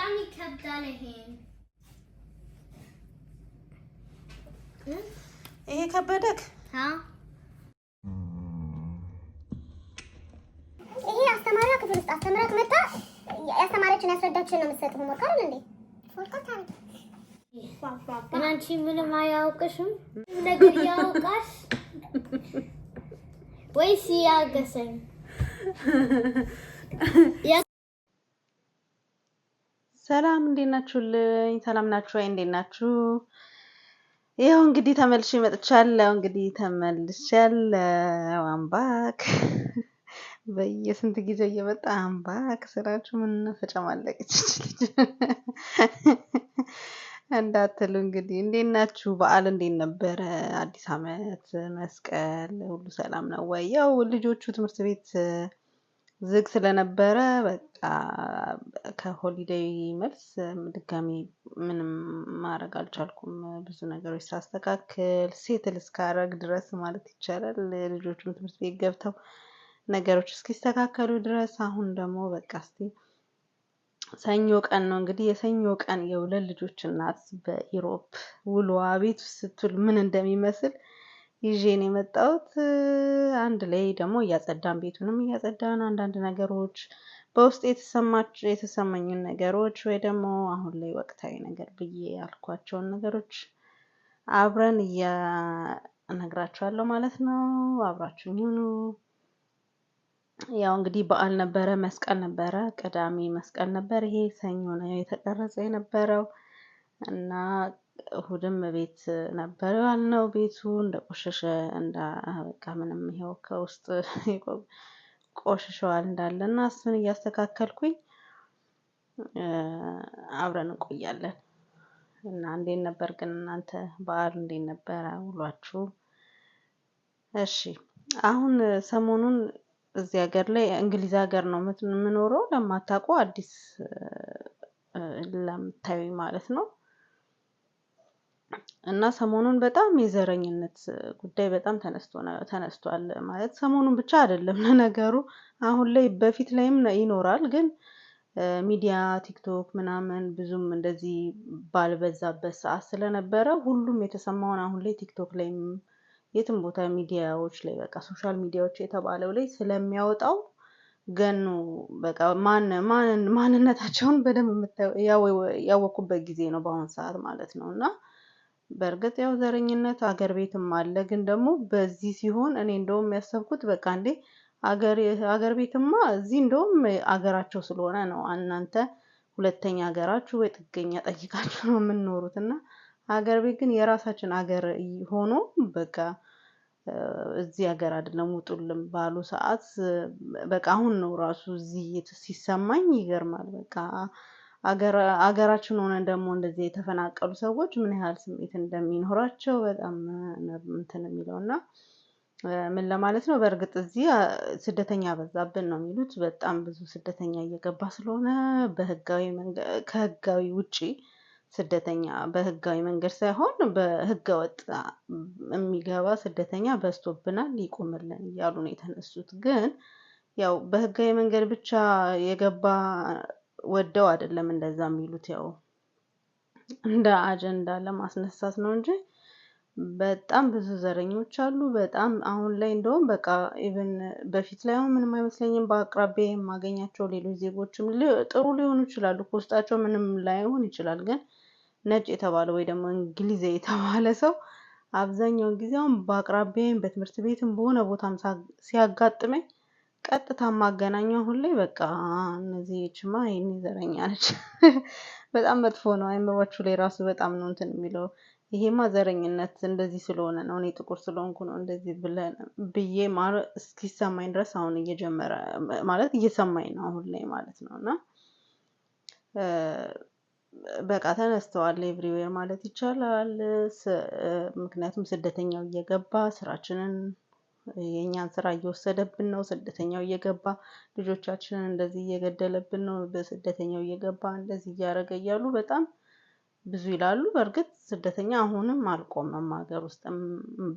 በጣም ይከብዳል። ይሄን ይሄ ከበደክ ይሄ አስተማሪዋ ክፍል ውስጥ አስተምራ መጣ። ያስተማረችን ያስረዳችን ነው የምትሰጥ ሆምወርክ እንዴ? ግን አንቺ ምንም አያውቅሽም። ነገር ያውቃሽ ወይስ ያገሰኝ ሰላም እንዴት ናችሁልኝ? ሰላም ናችሁ ወይ? እንዴት ናችሁ? ይኸው እንግዲህ ተመልሼ መጥቻለሁ። እንግዲህ ተመልሻለሁ። አምባክ በየስንት ጊዜ እየመጣ አምባክ ስራችሁ ምን ተጨማለቀች ልጅ እንዳትሉ እንግዲህ እንዴት ናችሁ? በዓል እንዴት ነበረ? አዲስ አመት፣ መስቀል ሁሉ ሰላም ነው ወይ? ያው ልጆቹ ትምህርት ቤት ዝግ ስለነበረ በቃ ከሆሊዴይ መልስ ድጋሚ ምንም ማድረግ አልቻልኩም። ብዙ ነገሮች ሳስተካክል ሴትል እስካረግ ድረስ ማለት ይቻላል ልጆቹም ትምህርት ቤት ገብተው ነገሮች እስኪስተካከሉ ድረስ አሁን ደግሞ በቃ እስቲ ሰኞ ቀን ነው እንግዲህ የሰኞ ቀን የሁለት ልጆች እናት በኢሮፕ ውሎዋ ቤት ስትውል ምን እንደሚመስል ይዤን የመጣሁት። አንድ ላይ ደግሞ እያጸዳን ቤቱንም እያጸዳን አንዳንድ ነገሮች በውስጥ የተሰማች የተሰማኝን ነገሮች ወይ ደግሞ አሁን ላይ ወቅታዊ ነገር ብዬ ያልኳቸውን ነገሮች አብረን እነግራችኋለሁ ማለት ነው። አብራችሁኝ ሁኑ። ያው እንግዲህ በዓል ነበረ፣ መስቀል ነበረ፣ ቅዳሜ መስቀል ነበር። ይሄ ሰኞ ነው የተቀረጸ የነበረው እና እሁድም ቤት ነበር ዋናው ቤቱ እንደቆሸሸ እንደ በቃ ምንም ይሄው ከውስጥ ቆሽሸዋል እንዳለ እና እሱን እያስተካከልኩኝ አብረን እንቆያለን። እና እንዴት ነበር ግን እናንተ በዓል እንዴት ነበር ውሏችሁ? እሺ አሁን ሰሞኑን እዚህ ሀገር ላይ እንግሊዝ ሀገር ነው የምኖረው። ለማታውቁ አዲስ ለምታዩ ማለት ነው እና ሰሞኑን በጣም የዘረኝነት ጉዳይ በጣም ተነስቷል ማለት ሰሞኑን ብቻ አይደለም ለነገሩ አሁን ላይ በፊት ላይም ይኖራል ግን ሚዲያ ቲክቶክ ምናምን ብዙም እንደዚህ ባልበዛበት ሰዓት ስለነበረ ሁሉም የተሰማውን አሁን ላይ ቲክቶክ ላይም የትም ቦታ ሚዲያዎች ላይ በቃ ሶሻል ሚዲያዎች የተባለው ላይ ስለሚያወጣው ገኑ በቃ ማንነታቸውን በደንብ ያወቁበት ጊዜ ነው በአሁን ሰዓት ማለት ነው እና በእርግጥ ያው ዘረኝነት አገር ቤትም አለ። ግን ደግሞ በዚህ ሲሆን እኔ እንደውም ያሰብኩት በቃ እንዴ አገር ቤትማ እዚህ እንደውም አገራቸው ስለሆነ ነው እናንተ ሁለተኛ ሀገራችሁ ወይ ጥገኛ ጠይቃችሁ ነው የምንኖሩት እና ሀገር ቤት ግን የራሳችን ሀገር ሆኖ በቃ እዚህ ሀገር አይደለም ውጡልም ባሉ ሰዓት በቃ አሁን ነው ራሱ እዚህ ሲሰማኝ ይገርማል። በቃ አገራችን ሆነን ደግሞ እንደዚህ የተፈናቀሉ ሰዎች ምን ያህል ስሜት እንደሚኖራቸው በጣም እንትን የሚለው እና ምን ለማለት ነው። በእርግጥ እዚህ ስደተኛ በዛብን ነው የሚሉት። በጣም ብዙ ስደተኛ እየገባ ስለሆነ በህጋዊ ከህጋዊ ውጪ ስደተኛ በህጋዊ መንገድ ሳይሆን በህገ ወጥ የሚገባ ስደተኛ በዝቶብናል፣ ይቁምልን እያሉ ነው የተነሱት። ግን ያው በህጋዊ መንገድ ብቻ የገባ ወደው አይደለም እንደዛ የሚሉት ያው እንደ አጀንዳ ለማስነሳት ነው እንጂ በጣም ብዙ ዘረኞች አሉ። በጣም አሁን ላይ እንደውም በቃ ኢቨን በፊት ላይ አሁን ምንም አይመስለኝም። በአቅራቢያ የማገኛቸው ሌሎች ዜጎችም ጥሩ ሊሆኑ ይችላሉ። ውስጣቸው ምንም ላይሆን ይችላል። ግን ነጭ የተባለ ወይ ደግሞ እንግሊዝ የተባለ ሰው አብዛኛውን ጊዜ አሁን በአቅራቢያም በትምህርት ቤትም በሆነ ቦታም ሲያጋጥመኝ ቀጥታ ማገናኛ አሁን ላይ በቃ ችማ ይህን ዘረኛ ነች፣ በጣም መጥፎ ነው። አይምሯችሁ ላይ ራሱ በጣም ነው እንትን የሚለው ይሄማ ዘረኝነት እንደዚህ ስለሆነ ነው እኔ ጥቁር ስለሆንኩ ነው እንደዚህ ብዬ እስኪሰማኝ ድረስ አሁን እየጀመረ ማለት እየሰማኝ ነው አሁን ላይ ማለት ነው። እና በቃ ተነስተዋል ኤቭሪዌር ማለት ይቻላል። ምክንያቱም ስደተኛው እየገባ ስራችንን የእኛን ስራ እየወሰደብን ነው። ስደተኛው እየገባ ልጆቻችንን እንደዚህ እየገደለብን ነው። በስደተኛው እየገባ እንደዚህ እያደረገ እያሉ በጣም ብዙ ይላሉ። በእርግጥ ስደተኛ አሁንም አልቆመም፣ ሀገር ውስጥም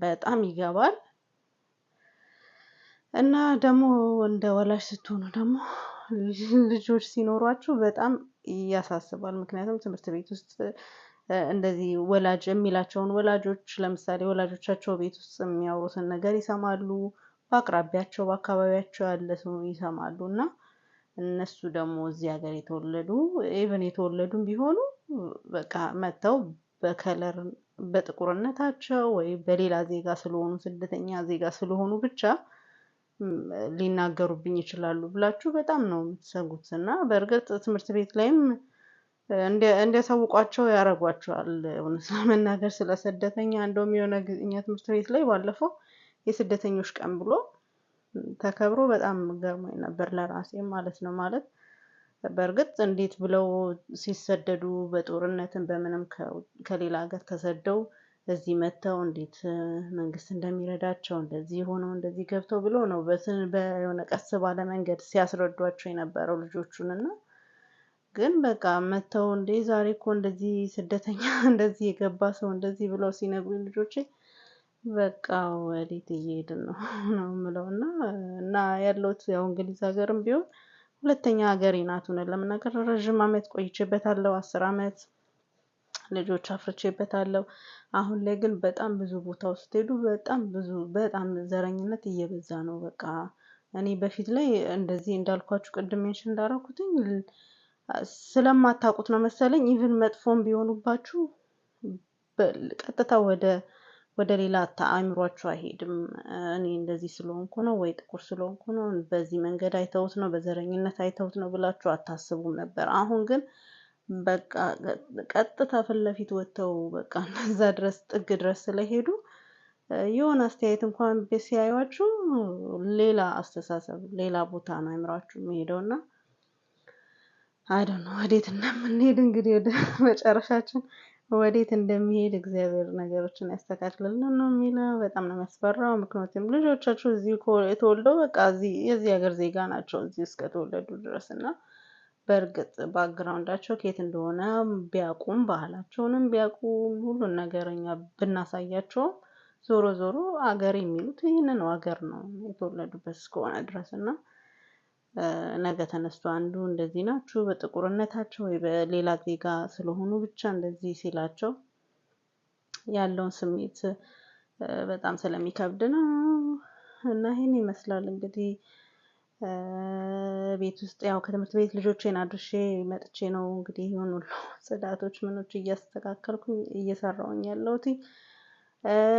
በጣም ይገባል። እና ደግሞ እንደ ወላጅ ስትሆኑ ደግሞ ልጆች ሲኖሯችሁ በጣም ያሳስባል። ምክንያቱም ትምህርት ቤት ውስጥ እንደዚህ ወላጅ የሚላቸውን ወላጆች ለምሳሌ ወላጆቻቸው ቤት ውስጥ የሚያወሩትን ነገር ይሰማሉ። በአቅራቢያቸው በአካባቢያቸው ያለ ሰው ይሰማሉ እና እነሱ ደግሞ እዚህ ሀገር የተወለዱ ኢቨን የተወለዱም ቢሆኑ በቃ መጥተው በከለር በጥቁርነታቸው ወይ በሌላ ዜጋ ስለሆኑ ስደተኛ ዜጋ ስለሆኑ ብቻ ሊናገሩብኝ ይችላሉ ብላችሁ በጣም ነው የምትሰጉት። እና በእርግጥ ትምህርት ቤት ላይም እንዲያሳውቋቸው ያደርጓቸዋል። እውነት ለመናገር ስለ ስደተኛ እንደውም የሆነ እኛ ትምህርት ቤት ላይ ባለፈው የስደተኞች ቀን ብሎ ተከብሮ በጣም ገርሞኝ ነበር ለራሴ ማለት ነው። ማለት በእርግጥ እንዴት ብለው ሲሰደዱ በጦርነትም በምንም ከሌላ ሀገር ተሰደው እዚህ መጥተው እንዴት መንግስት እንደሚረዳቸው እንደዚህ ሆነው እንደዚህ ገብተው ብሎ ነው በስን በሆነ ቀስ ባለ መንገድ ሲያስረዷቸው የነበረው ልጆቹን እና ግን በቃ መተው እንዴ ዛሬ እኮ እንደዚህ ስደተኛ እንደዚህ የገባ ሰው እንደዚህ ብለው ሲነግሩኝ ልጆቼ በቃ ወዴት እየሄድን ነው ነው የምለው። እና እና ያለሁት ያው እንግሊዝ ሀገርም ቢሆን ሁለተኛ ሀገሬ ናት። እውነት ለመናገር ረዥም ዓመት ቆይቼበታለሁ። አስር ዓመት ልጆች አፍርቼበታለሁ። አሁን ላይ ግን በጣም ብዙ ቦታ ውስጥ ሄዱ። በጣም ብዙ በጣም ዘረኝነት እየበዛ ነው። በቃ እኔ በፊት ላይ እንደዚህ እንዳልኳችሁ ቅድም ሜንሽን እንዳረኩትኝ ስለማታውቁት ነው መሰለኝ ኢቭን መጥፎም ቢሆኑባችሁ ቀጥታ ወደ ወደ ሌላ አእምሯችሁ አይሄድም። እኔ እንደዚህ ስለሆንኩ ነው ወይ ጥቁር ስለሆንኩ ነው በዚህ መንገድ አይተውት ነው በዘረኝነት አይተውት ነው ብላችሁ አታስቡም ነበር። አሁን ግን በቃ ቀጥታ ፊት ለፊት ወጥተው በቃ እነዛ ድረስ ጥግ ድረስ ስለሄዱ የሆነ አስተያየት እንኳን ሲያዩአችሁ ሌላ አስተሳሰብ ሌላ ቦታ ነው አእምሯችሁ የሚሄደው እና አይደው ነው ወዴት እንደምንሄድ እንግዲህ ወደ መጨረሻችን ወዴት እንደሚሄድ እግዚአብሔር ነገሮችን ያስተካክልልን ነው የሚለው። በጣም ነው የሚያስፈራው። ምክንያቱም ልጆቻችሁ እዚህ የተወልደው በቃ እዚህ የዚህ ሀገር ዜጋ ናቸው እዚህ እስከ ተወለዱ ድረስ እና በእርግጥ ባክግራውንዳቸው ከየት እንደሆነ ቢያውቁም ባህላቸውንም ቢያውቁም ሁሉን ነገረኛ ብናሳያቸውም ዞሮ ዞሮ አገር የሚሉት ይህንን ነው፣ ሀገር ነው የተወለዱበት እስከሆነ ድረስ እና ነገ ተነስቶ አንዱ እንደዚህ ናችሁ በጥቁርነታቸው ወይ በሌላ ዜጋ ስለሆኑ ብቻ እንደዚህ ሲላቸው ያለውን ስሜት በጣም ስለሚከብድ ነው። እና ይህን ይመስላል እንግዲህ ቤት ውስጥ ያው ከትምህርት ቤት ልጆቼን አድርሼ መጥቼ ነው እንግዲህ ይሁን ሁሉ ጽዳቶች ምኖች እያስተካከልኩኝ እየሰራውኝ ያለሁት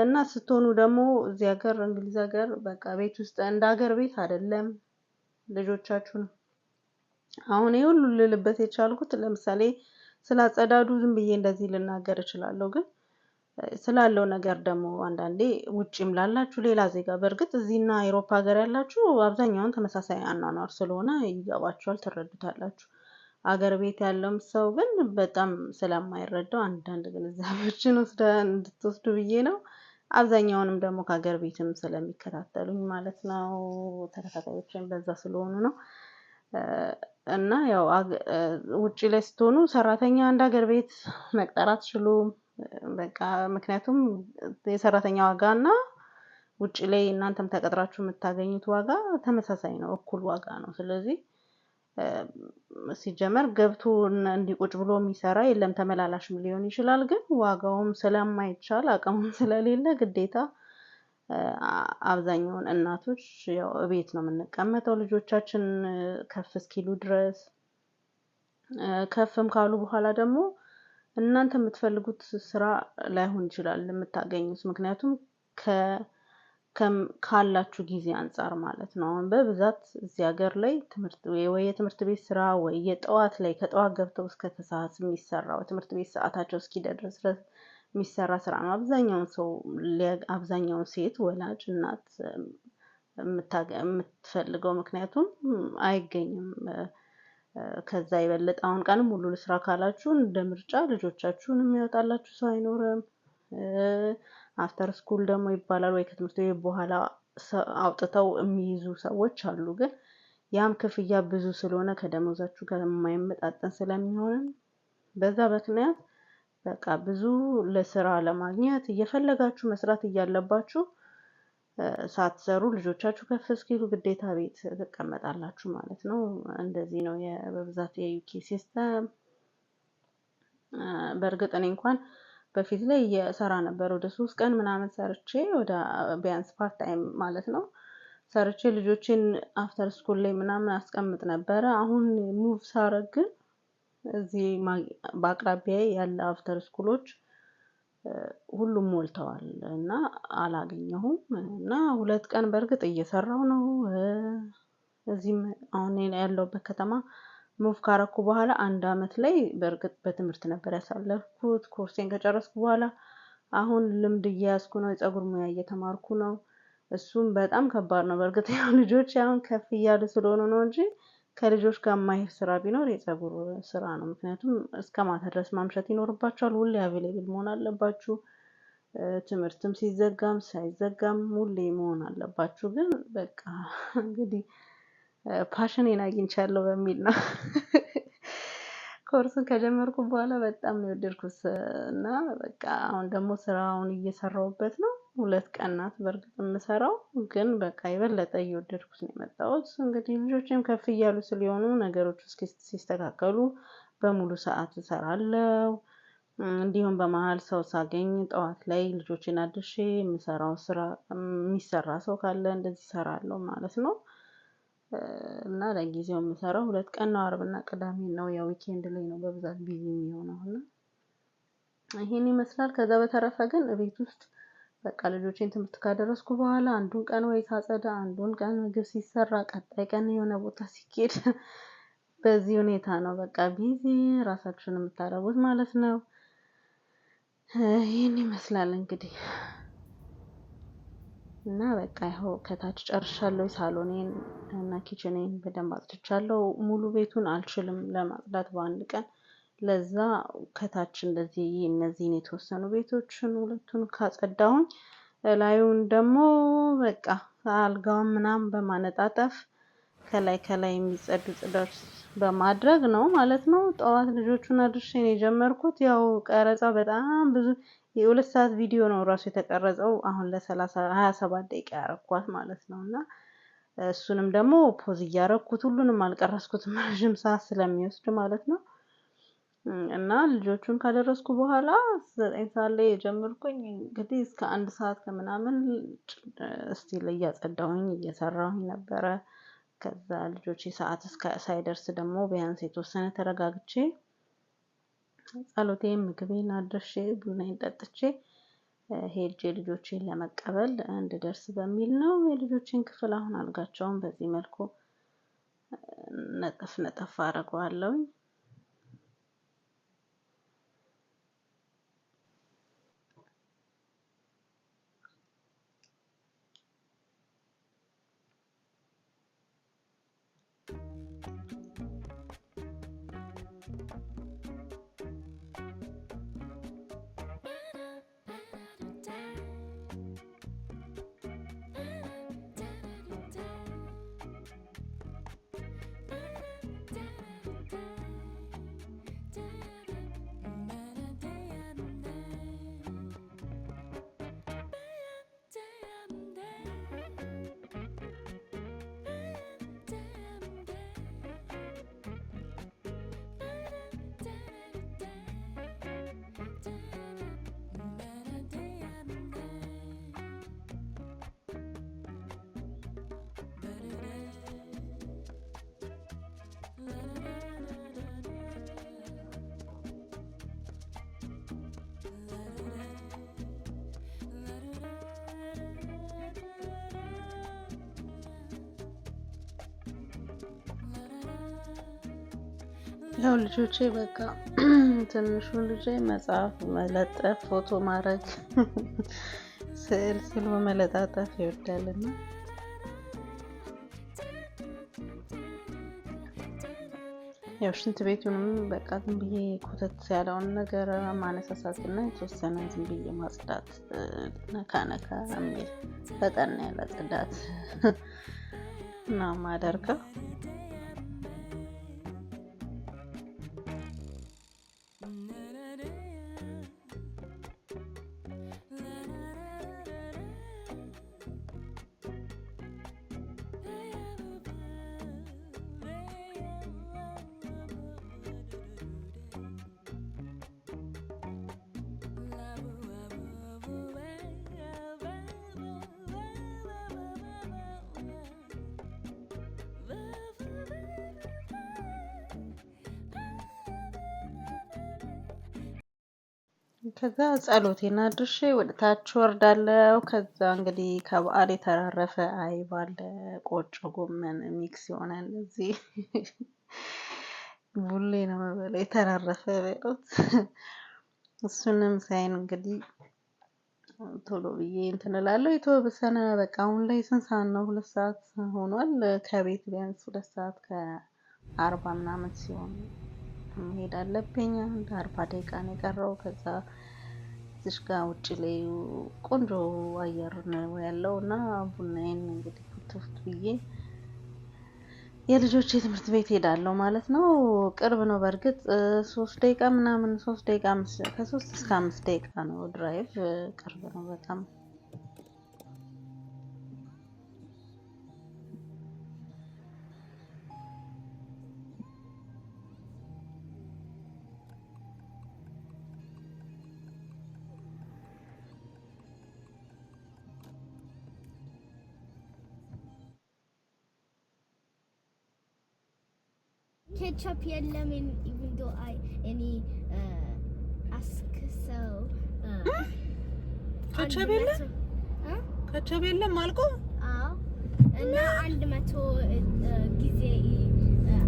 እና ስትሆኑ ደግሞ እዚህ ሀገር እንግሊዝ ሀገር በቃ ቤት ውስጥ እንደ ሀገር ቤት አይደለም። ልጆቻችሁን አሁን ይህ ሁሉ ልልበት የቻልኩት ለምሳሌ ስላጸዳዱ ዝም ብዬ እንደዚህ ልናገር እችላለሁ፣ ግን ስላለው ነገር ደግሞ አንዳንዴ ውጭም ላላችሁ ሌላ ዜጋ በእርግጥ እዚህና አውሮፓ ሀገር ያላችሁ አብዛኛውን ተመሳሳይ አኗኗር ስለሆነ ይገባችኋል፣ ትረዱታላችሁ። አገር ቤት ያለውም ሰው ግን በጣም ስለማይረዳው አንዳንድ ግንዛቤዎችን ወስዳ እንድትወስዱ ብዬ ነው። አብዛኛውንም ደግሞ ከሀገር ቤትም ስለሚከታተሉኝ ማለት ነው ተከታታዮችን በዛ ስለሆኑ ነው። እና ያው ውጭ ላይ ስትሆኑ ሰራተኛ እንደ ሀገር ቤት መቅጠር አትችሉም። በቃ ምክንያቱም የሰራተኛ ዋጋ እና ውጭ ላይ እናንተም ተቀጥራችሁ የምታገኙት ዋጋ ተመሳሳይ ነው፣ እኩል ዋጋ ነው። ስለዚህ ሲጀመር ገብቶ እንዲቁጭ ብሎ የሚሰራ የለም። ተመላላሽም ሊሆን ይችላል። ግን ዋጋውም ስለማይቻል አቅሙም ስለሌለ ግዴታ አብዛኛውን እናቶች ያው ቤት ነው የምንቀመጠው ልጆቻችን ከፍ እስኪሉ ድረስ። ከፍም ካሉ በኋላ ደግሞ እናንተ የምትፈልጉት ስራ ላይሆን ይችላል የምታገኙት ምክንያቱም ከ ካላችሁ ጊዜ አንጻር ማለት ነው። አሁን በብዛት እዚህ ሀገር ላይ ትምህርት ወይ የትምህርት ቤት ስራ ወይ የጠዋት ላይ ከጠዋት ገብተው እስከ ተሰዓት የሚሰራው ትምህርት ቤት ሰዓታቸው እስኪደርስ ድረስ የሚሰራ ስራ ነው። አብዛኛውን ሰው አብዛኛውን ሴት ወላጅ እናት የምትፈልገው ምክንያቱም አይገኝም። ከዛ የበለጠ አሁን ቀን ሙሉ ልስራ ካላችሁ እንደ ምርጫ ልጆቻችሁን የሚያወጣላችሁ ሰው አይኖርም። አፍተር ስኩል ደግሞ ይባላል ወይ ከትምህርት ቤት በኋላ አውጥተው የሚይዙ ሰዎች አሉ። ግን ያም ክፍያ ብዙ ስለሆነ ከደሞዛችሁ ጋር የማይመጣጠን ስለሚሆንም በዛ ምክንያት በቃ ብዙ ለስራ ለማግኘት እየፈለጋችሁ መስራት እያለባችሁ ሳትሰሩ ልጆቻችሁ ከፍ እስኪሉ ግዴታ ቤት ትቀመጣላችሁ ማለት ነው። እንደዚህ ነው በብዛት የዩኬ ሲስተም። በእርግጥ እኔ እንኳን በፊት ላይ እየሰራ ነበር ወደ ሶስት ቀን ምናምን ሰርቼ ወደ ቢያንስ ፓርት ታይም ማለት ነው ሰርቼ ልጆችን አፍተር ስኩል ላይ ምናምን አስቀምጥ ነበረ። አሁን ሙቭ ሳረግ ግን እዚህ በአቅራቢያ ያለ አፍተር ስኩሎች ሁሉም ሞልተዋል እና አላገኘሁም። እና ሁለት ቀን በእርግጥ እየሰራው ነው። እዚህም አሁን ያለሁበት ከተማ ሙቭ ካረኩ በኋላ አንድ አመት ላይ በእርግጥ በትምህርት ነበር ያሳለፍኩት። ኮርሴን ከጨረስኩ በኋላ አሁን ልምድ እያያስኩ ነው። የፀጉር ሙያ እየተማርኩ ነው። እሱም በጣም ከባድ ነው። በእርግጥ ያው ልጆች አሁን ከፍ እያሉ ስለሆኑ ነው እንጂ ከልጆች ጋር የማይሄድ ስራ ቢኖር የፀጉር ስራ ነው። ምክንያቱም እስከ ማታ ድረስ ማምሸት ይኖርባቸዋል። ሁሌ አቬሌብል መሆን አለባችሁ። ትምህርትም ሲዘጋም ሳይዘጋም ሁሌ መሆን አለባችሁ። ግን በቃ እንግዲህ ፓሽኔን አግኝቻለሁ በሚል ነው። ኮርሱን ከጀመርኩ በኋላ በጣም ነው የወደድኩት እና በቃ አሁን ደግሞ ስራውን እየሰራሁበት ነው። ሁለት ቀናት በእርግጥ የምሰራው ግን በቃ የበለጠ እየወደድኩት ነው የመጣሁት። እንግዲህ ልጆችም ከፍ እያሉ ስለሆኑ ነገሮች እስኪ ሲስተካከሉ በሙሉ ሰዓት እሰራለሁ። እንዲሁም በመሀል ሰው ሳገኝ ጠዋት ላይ ልጆችን አድርሼ የምሰራው ስራ የሚሰራ ሰው ካለ እንደዚህ እሰራለሁ ማለት ነው። እና ለጊዜው የምሰራው ሁለት ቀን ነው፣ አርብና ቅዳሜ ነው። የዊኬንድ ላይ ነው በብዛት ቢዚ የሚሆነው እና ይህን ይመስላል። ከዛ በተረፈ ግን ቤት ውስጥ በቃ ልጆቼን ትምህርት ካደረስኩ በኋላ አንዱን ቀን ወይ ሳጸዳ፣ አንዱን ቀን ምግብ ሲሰራ፣ ቀጣይ ቀን የሆነ ቦታ ሲኬድ፣ በዚህ ሁኔታ ነው በቃ ቢዚ ራሳችሁን የምታረጉት ማለት ነው። ይህን ይመስላል እንግዲህ እና በቃ ይኸው ከታች ጨርሻለሁ። ሳሎኔን እና ኪችኔን በደንብ አጽድቻለሁ። ሙሉ ቤቱን አልችልም ለማጽዳት በአንድ ቀን። ለዛ ከታች እንደዚህ እነዚህን የተወሰኑ ቤቶችን ሁለቱን ካጸዳሁኝ ላዩን ደግሞ በቃ አልጋውን ምናምን በማነጣጠፍ ከላይ ከላይ የሚጸዱ ጽዳት በማድረግ ነው ማለት ነው። ጠዋት ልጆቹን አድርሼ ነው የጀመርኩት። ያው ቀረጻ በጣም ብዙ የሁለት ሰዓት ቪዲዮ ነው ራሱ የተቀረጸው። አሁን ለሰላሳ ሀያ ሰባት ደቂቃ ያረኳት ማለት ነው እና እሱንም ደግሞ ፖዝ እያረኩት ሁሉንም አልቀረስኩትም ረዥም ሰዓት ስለሚወስድ ማለት ነው እና ልጆቹን ካደረስኩ በኋላ ዘጠኝ ሰዓት ላይ የጀመርኩኝ እንግዲህ እስከ አንድ ሰዓት ከምናምን እስቲል እያጸዳሁኝ እየሰራሁኝ ነበረ። ከዛ ልጆች ሰዓት ሳይደርስ ደግሞ ቢያንስ የተወሰነ ተረጋግቼ ጸሎቴን ምግቤን አድርሼ ቡናዬን ጠጥቼ ሄጄ ልጆቼን ለመቀበል እንድደርስ በሚል ነው። የልጆችን ክፍል አሁን አልጋቸውን በዚህ መልኩ ነጠፍ ነጠፍ አደርገዋለሁኝ ያው ልጆቼ በቃ ትንሹ ልጄ መጽሐፍ መለጠፍ፣ ፎቶ ማድረግ፣ ስዕል ስሉ መለጣጠፍ ይወዳልና ያው ሽንት ቤቱንም በቃ ዝም ብዬ ኮተት ያለውን ነገር ማነሳሳት እና የተወሰነ ዝም ብዬ ማጽዳት ነካ ነካ የሚል ፈጠን ያለ ጽዳት ነው ማደርገው። ከዛ ጸሎቴን አድርሼ ወደ ታች ወርዳለሁ። ከዛ እንግዲህ ከበዓል የተረረፈ አይብ አለ፣ ቆጮ ጎመን ሚክስ ይሆናል። እንደዚህ ቡሌ ነው የምበለው፣ የተረረፈ በሉት። እሱንም ሳይን እንግዲህ ቶሎ ብዬ እንትን እላለሁ። የተወሰነ በቃ አሁን ላይ ስንት ሰዓት ነው? ሁለት ሰዓት ሆኗል። ከቤት ቢያንስ ሁለት ሰዓት ከአርባ ምናምን ሲሆን መሄድ አለብኝ። አንድ አርባ ደቂቃ ነው የቀረው። ከዛ እዚሽ ጋር ውጭ ላይ ቆንጆ አየር ነው ያለው እና ቡናዬን እንግዲህ ፍትፍት ብዬ የልጆች የትምህርት ቤት ሄዳለሁ ማለት ነው። ቅርብ ነው በእርግጥ ሶስት ደቂቃ ምናምን ሶስት ደቂቃ ከሶስት እስከ አምስት ደቂቃ ነው ድራይቭ። ቅርብ ነው በጣም ኬቻፕ የለም። ኢቭን ዶ አይ እኔ አስክ ሰው ኬቻፕ የለም፣ ኬቻፕ የለም አልቆ እና አንድ መቶ ጊዜ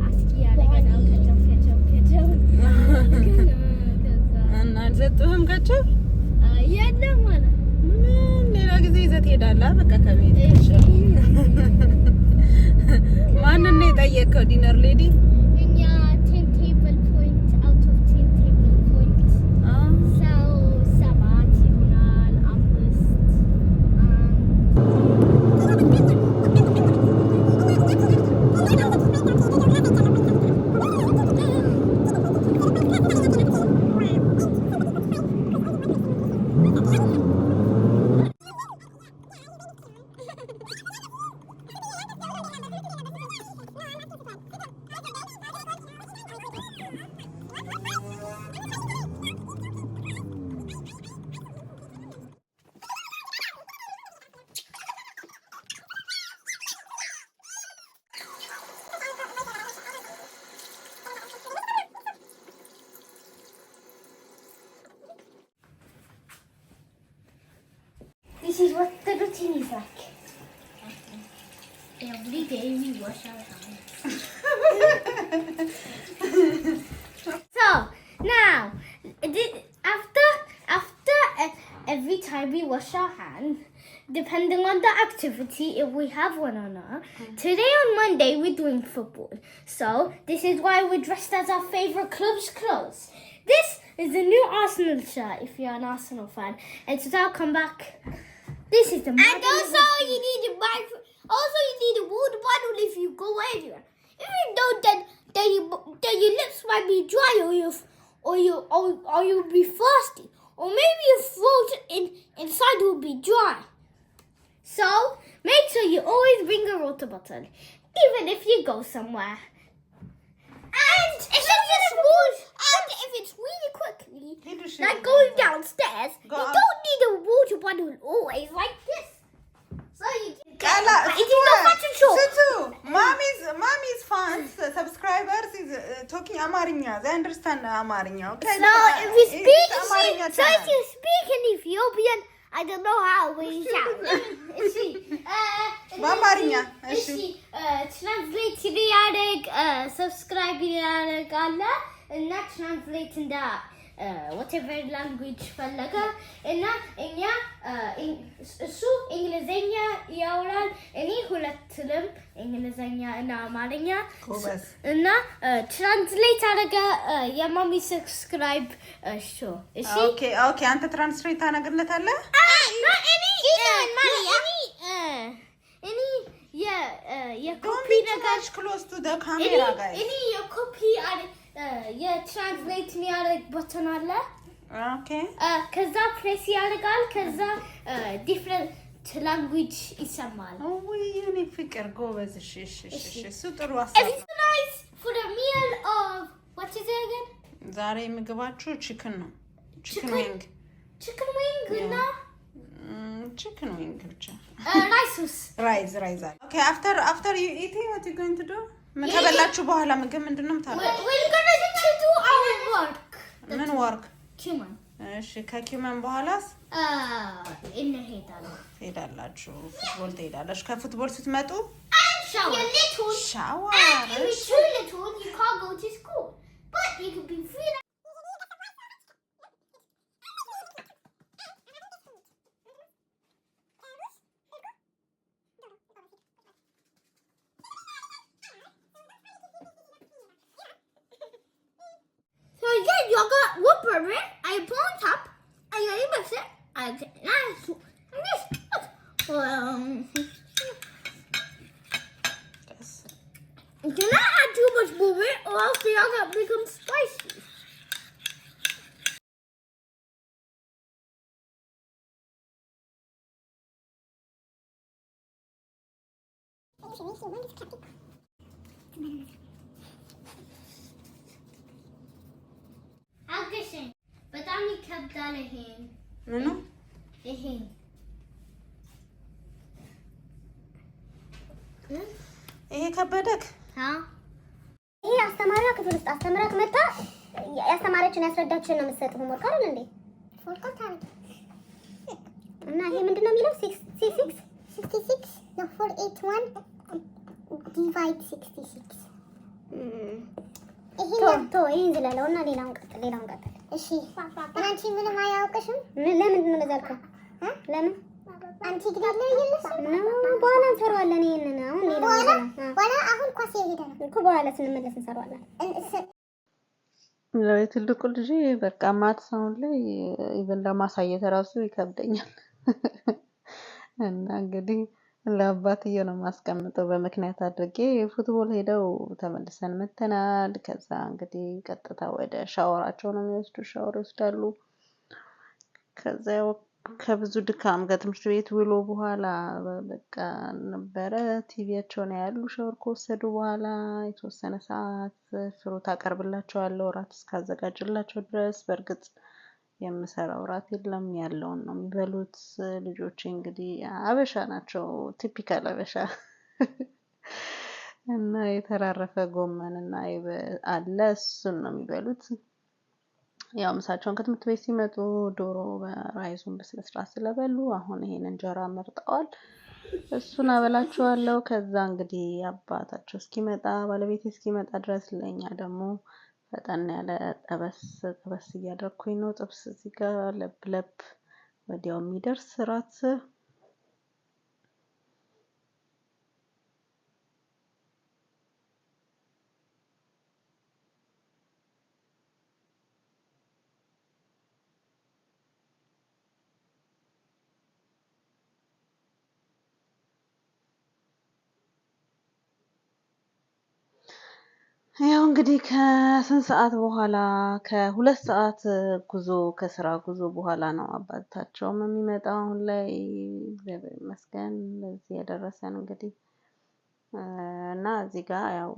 አስኪ ያለ ገና ኬቻፕ ኬቻፕ ኬቻፕ እና አልሰጡህም ኬቻፕ የለም ማለት ጊዜ ይዘህ ትሄዳለህ። በቃ ከቤት ማንን ነው የጠየቀው? ዲነር ሌዲ wash our hands, depending on the activity, if we have one or not. Mm-hmm. Today on Monday, we're doing football. So, this is why we're dressed as our favourite club's clothes. This is the new Arsenal shirt, if you're an Arsenal fan. It's come comeback. This is the And also, you need a micro- also you need a water bottle if you go anywhere. If you know that, that, you, that your lips might be dry or, you, or, you, or, or you'll be thirsty or maybe your float in inside will be dry. So make sure you always bring a water bottle, even if you go somewhere. And, and Não, Amarinho. Okay, so, if we speak, so if you እንደ ወቴቨር ላንጉጅ ፈለገ እና እኛ እሱ እንግሊዘኛ ያውራል፣ እኔ ሁለትንም እንግሊዘኛ እና አማርኛ እና ትራንስሌት አደረገ። የማሚ ሰብስክራይብ እሺ፣ እሺ፣ ኦኬ፣ ኦኬ። አንተ ትራንስሌት ታነግርለታለህ? እኔ እኔ የኮፒ ነገር ክሎዝ ቱ ደ ካሜራ ጋር እኔ የኮፒ የትራንስሌት የሚያደርግ ቦተን አለ። ከዛ ፕሬስ ያደርጋል። ከዛ ዲፍረንት ላንጉጅ ይሰማል። የእኔ ፍቅር ጎበዝ። እሱ ጥሩ ዛሬ ምግባችሁ ቺክን ነው። ቺክን ዊንግ ቺክን ዊንግ እና ቺክን ዊንግ ብቻ ራይስ ራይስ ራይስ ኦኬ አፍተር አፍተር ዩ ኢቲንግ ዋት ዩ ጎይንግ ቱ ዱ ምን ከበላችሁ በኋላ ምግብ ምንድን ነው የምታደርገው? ምን ወርክ? እሺ ከኪመን በኋላስ ትሄዳላችሁ፣ ፉትቦል ትሄዳላችሁ። ከፉትቦል ስትመጡ ሻወር በጣም ይከብዳል። ይሄን ምኑ ይሄን ይሄ ከበደክ? ይሄ አስተማሪዋ ክፍል ውስጥ አስተምራክ መታ ያስተማረችን ያስረዳችን ነው የምትሰጥ ሆምወርክ አይደል እንዴ? እና ይሄ ምንድን ነው የሚለው ሲክስ ሲክስ ሲክስቲ ሲክስ ፎር ኤይት ዋን ዲቫይድ ሲክስቲ ሲክስ ቶ ይህን ዝለለው እና ሌላውን ቀጥል፣ ሌላውን ቀጥል። እሺ አንቺ ምንም አያውቅሽም። ለምንድን ነው ለምን አንቺ ግን በኋላ እንሰራዋለን። አሁን ሌላ በኋላ አሁን ኳስ የሄደ ነው እኮ በኋላ ስንመለስ እንሰራዋለን። ትልቁ ልጅ በቃ ማት አሁን ላይ ኢቨን ለማሳየት ራሱ ይከብደኛል እና እንግዲህ ለአባትየው ነው የማስቀምጠው በምክንያት አድርጌ ፉትቦል ሄደው ተመልሰን መተናል። ከዛ እንግዲህ ቀጥታ ወደ ሻወራቸው ነው የሚወስዱ፣ ሻወር ይወስዳሉ። ከዛ ከብዙ ድካም ከትምህርት ቤት ውሎ በኋላ በቃ ነበረ ቲቪያቸውን ያሉ ሻወር ከወሰዱ በኋላ የተወሰነ ሰዓት ፍሩት አቀርብላቸዋለሁ እራት እስካዘጋጅላቸው ድረስ በእርግጥ የምሰራው እራት የለም ያለውን ነው የሚበሉት። ልጆቼ እንግዲህ ሀበሻ ናቸው ቲፒካል ሀበሻ እና የተራረፈ ጎመን እና አለ እሱን ነው የሚበሉት። ያው ምሳቸውን ከትምህርት ቤት ሲመጡ ዶሮ በራይዙን በስነ ስለበሉ አሁን ይሄን እንጀራ መርጠዋል። እሱን አበላችኋለሁ። ከዛ እንግዲህ አባታቸው እስኪመጣ ባለቤቴ እስኪመጣ ድረስ ለእኛ ደግሞ ፈጠን ያለ ጠበስ ጠበስ እያደረኩኝ ነው። ጥብስ እዚህ ጋር ለብለብ ወዲያው የሚደርስ እራት ያው እንግዲህ ከስንት ሰዓት በኋላ ከሁለት ሰዓት ጉዞ ከስራ ጉዞ በኋላ ነው አባታቸውም የሚመጣው። አሁን ላይ እግዚአብሔር ይመስገን ለዚህ ያደረሰን እንግዲህ እና እዚህ ጋር ያው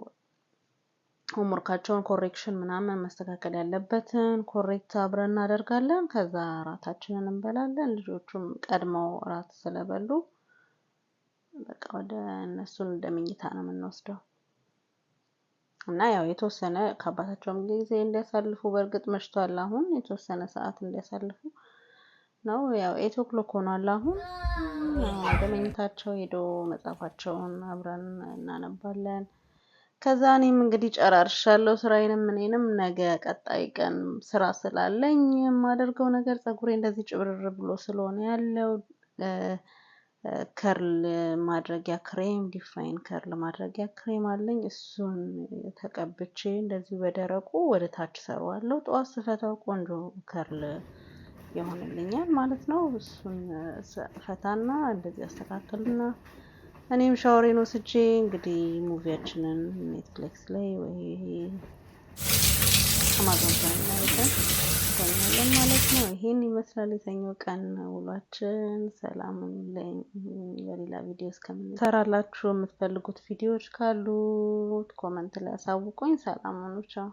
ሆምወርካቸውን ኮሬክሽን ምናምን መስተካከል ያለበትን ኮሬክት አብረን እናደርጋለን። ከዛ እራታችንን እንበላለን። ልጆቹም ቀድመው እራት ስለበሉ በቃ ወደ እነሱን ወደ መኝታ ነው የምንወስደው። እና ያው የተወሰነ ከአባታቸውም ጊዜ እንዲያሳልፉ በእርግጥ መሽቷል። አሁን የተወሰነ ሰዓት እንዲያሳልፉ ነው። ያው ኤት ኦክሎክ ሆኗል። አሁን ወደ መኝታቸው ሄዶ መጽሐፋቸውን አብረን እናነባለን። ከዛ እኔም እንግዲህ ጨራርሻለሁ ስራዬንም እኔንም ነገ ቀጣይ ቀን ስራ ስላለኝ የማደርገው ነገር ጸጉሬ እንደዚህ ጭብርር ብሎ ስለሆነ ያለው ከርል ማድረጊያ ክሬም ዲፋይን ከርል ማድረጊያ ክሬም አለኝ። እሱን ተቀብቼ እንደዚሁ በደረቁ ወደ ታች ሰራዋለሁ። ጠዋት ስፈታው ቆንጆ ከርል ይሆንልኛል ማለት ነው። እሱን ፈታና እንደዚህ አስተካከልና እኔም ሻወሬን ወስጄ እንግዲህ ሙቪያችንን ኔትፍሊክስ ላይ ወይ አማዞን ላይ እንገናኛለን ማለት ነው። ይሄን ይመስላል የተኛው ቀን ውሏችን። ሰላም በሌላ ቪዲዮ እስከምን ሰራላችሁ የምትፈልጉት ቪዲዮዎች ካሉት ኮመንት ላይ አሳውቁኝ። ሰላም ሁኑ። ቻው።